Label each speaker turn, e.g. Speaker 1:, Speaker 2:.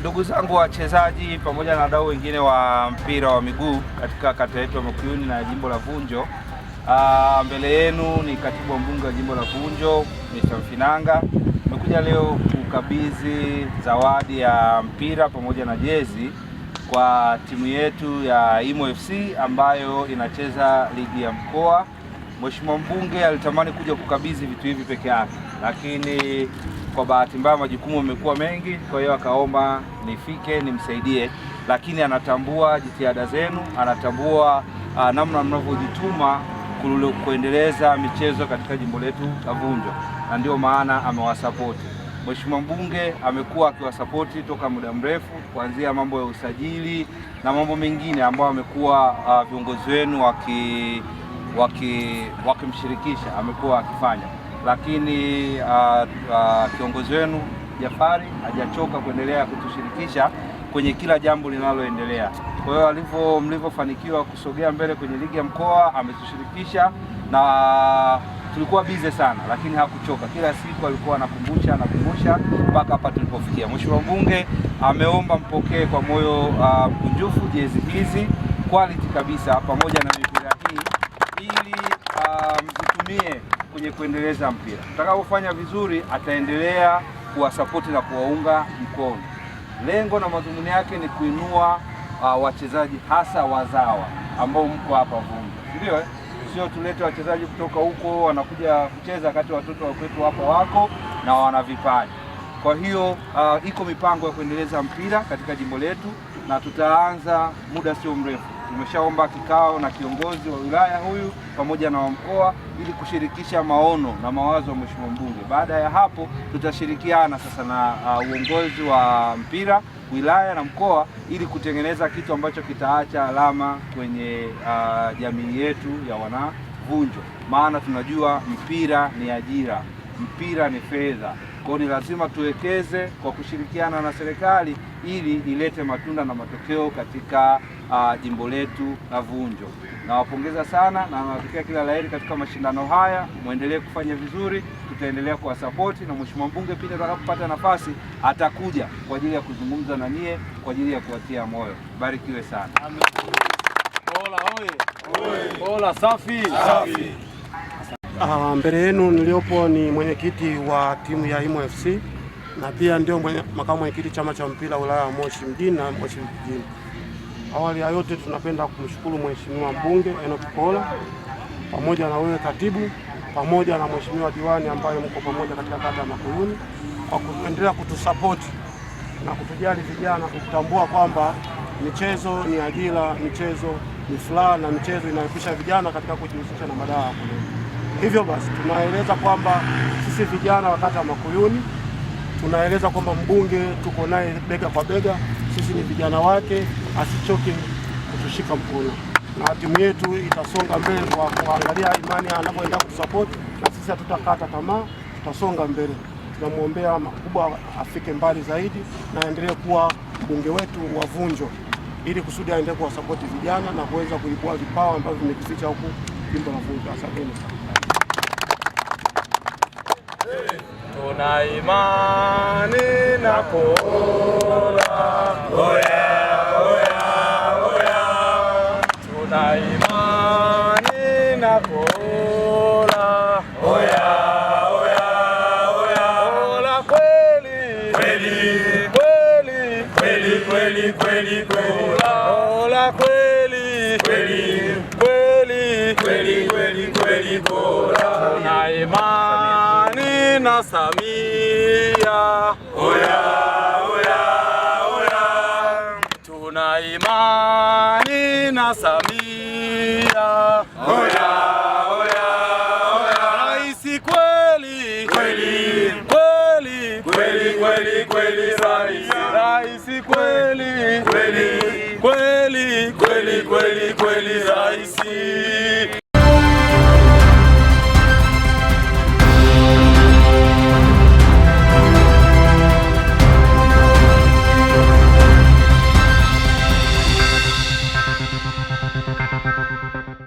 Speaker 1: Ndugu zangu wachezaji pamoja na wadau wengine wa mpira wa miguu katika kata yetu ya Makuyuni na jimbo la Vunjo, ah, mbele yenu ni katibu wa mbunge wa jimbo la Vunjo Mr. Mfinanga. Nimekuja leo kukabidhi zawadi ya mpira pamoja na jezi kwa timu yetu ya Imo FC ambayo inacheza ligi ya mkoa Mheshimiwa mbunge alitamani kuja kukabidhi vitu hivi peke yake, lakini kwa bahati mbaya majukumu yamekuwa mengi, kwa hiyo akaomba nifike nimsaidie, lakini anatambua jitihada zenu, anatambua uh, namna mnavyojituma kuendeleza michezo katika jimbo letu la Vunjo, na ndio maana amewasapoti. Mheshimiwa mbunge amekuwa akiwasapoti toka muda mrefu, kuanzia mambo ya usajili na mambo mengine ambayo amekuwa uh, viongozi wenu waki wakimshirikisha waki amekuwa akifanya, lakini uh, uh, kiongozi wenu Jafari hajachoka kuendelea kutushirikisha kwenye kila jambo linaloendelea. Kwa hiyo alivyo mlivyofanikiwa kusogea mbele kwenye ligi ya mkoa ametushirikisha, na tulikuwa bize sana, lakini hakuchoka. Kila siku alikuwa anakumbusha anakumbusha mpaka hapa tulipofikia. Mheshimiwa mbunge ameomba mpokee kwa moyo ah, mkunjufu uh, jezi hizi quality kabisa pamoja na ili mzitumie um, kwenye kuendeleza mpira. Mtakapofanya vizuri, ataendelea kuwasapoti na kuwaunga mkono. Lengo na madhumuni yake ni kuinua uh, wachezaji hasa wazawa ambao mko hapa Vunjo, ndio eh? Sio tulete wachezaji kutoka huko wanakuja kucheza kati, watoto wa kwetu hapa wako na wana vipaji. Kwa hiyo uh, iko mipango ya kuendeleza mpira katika jimbo letu na tutaanza muda sio mrefu. Tumeshaomba kikao na kiongozi wa wilaya huyu pamoja na wa mkoa ili kushirikisha maono na mawazo ya mheshimiwa mbunge. Baada ya hapo, tutashirikiana sasa na uh, uongozi wa mpira wilaya na mkoa ili kutengeneza kitu ambacho kitaacha alama kwenye uh, jamii yetu ya Wanavunjo, maana tunajua mpira ni ajira, mpira ni fedha kwao ni lazima tuwekeze kwa kushirikiana na serikali ili ilete matunda na matokeo katika uh, jimbo letu la Vunjo. Nawapongeza sana na nawatakia kila laheri katika mashindano haya, mwendelee kufanya vizuri, tutaendelea kuwasapoti na mheshimiwa mbunge pindi atakapopata nafasi atakuja kwa ajili ya kuzungumza na nie kwa ajili ya kuwatia moyo. Barikiwe sana.
Speaker 2: Ola safi. Safi.
Speaker 3: Uh, mbele yenu niliopo ni mwenyekiti wa timu ya Imo FC na pia ndio makamu mwenyekiti chama cha mpira wilaya ya Moshi mjini na Moshi vijijini. Awali ya yote tunapenda kumshukuru Mheshimiwa mbunge Enoch Kola pamoja na wewe katibu, pamoja na Mheshimiwa diwani ambaye mko pamoja katika kata ya Makuyuni kwa kuendelea kutusapoti na kutujali vijana, kutambua kwamba michezo ni ajira, michezo ni furaha na michezo inayopisha vijana katika kujihusisha na madawa ya kulevya. Hivyo basi tunaeleza kwamba sisi vijana wa kata ya Makuyuni tunaeleza kwamba mbunge tuko naye bega kwa bega, sisi ni vijana wake, asichoke kutushika mkono na timu yetu itasonga mbele kwa kuangalia imani anavyoenda kutusapoti, na sisi hatutakata tamaa, tutasonga mbele. Tunamwombea makubwa, afike mbali zaidi na aendelee kuwa mbunge wetu wa Vunjo ili kusudi aendelee kuwasapoti vijana na kuweza kuibua vipawa ambavyo vimekificha huku jimbo la Vunjo. Asanteni sana
Speaker 4: tuna imani na Mola, tuna imani na Mola, Mola kweli kweli kweli kweli Mola kweli kweli kweli kweli Mola, tuna imani Samia oya, oya, oya. Tuna imani na Samia oya, oya, oya. Raisi kweli kweli kweli kweli kweli kweli raisi raisi kweli kweli kweli kweli kweli kweli raisi